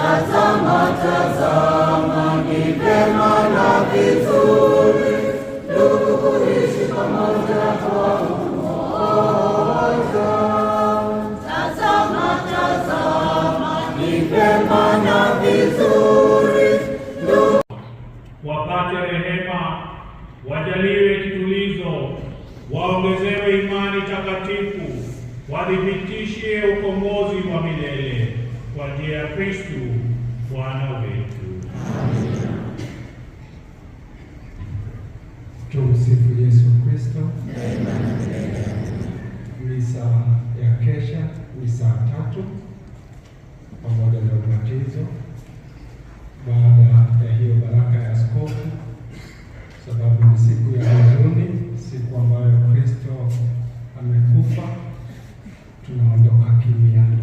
Tazama, tazama, ni vyema na vizuri ndugu kuishi pamoja kwa umoja. Tazama, tazama, ni vyema na vizuri wapate rehema, wajaliwe kitulizo, waongezewe imani takatifu, wadhibitishe ukombozi wa milele kwa njia ya Kristu Bwana wetu. Tumsifu Yesu Kristo. Misa ya kesha ni saa tatu pamoja na ubatizo. Baada ya hiyo baraka ya askofu, sababu ni siku ya huzuni, siku ambayo Kristo amekufa, tunaondoka kimya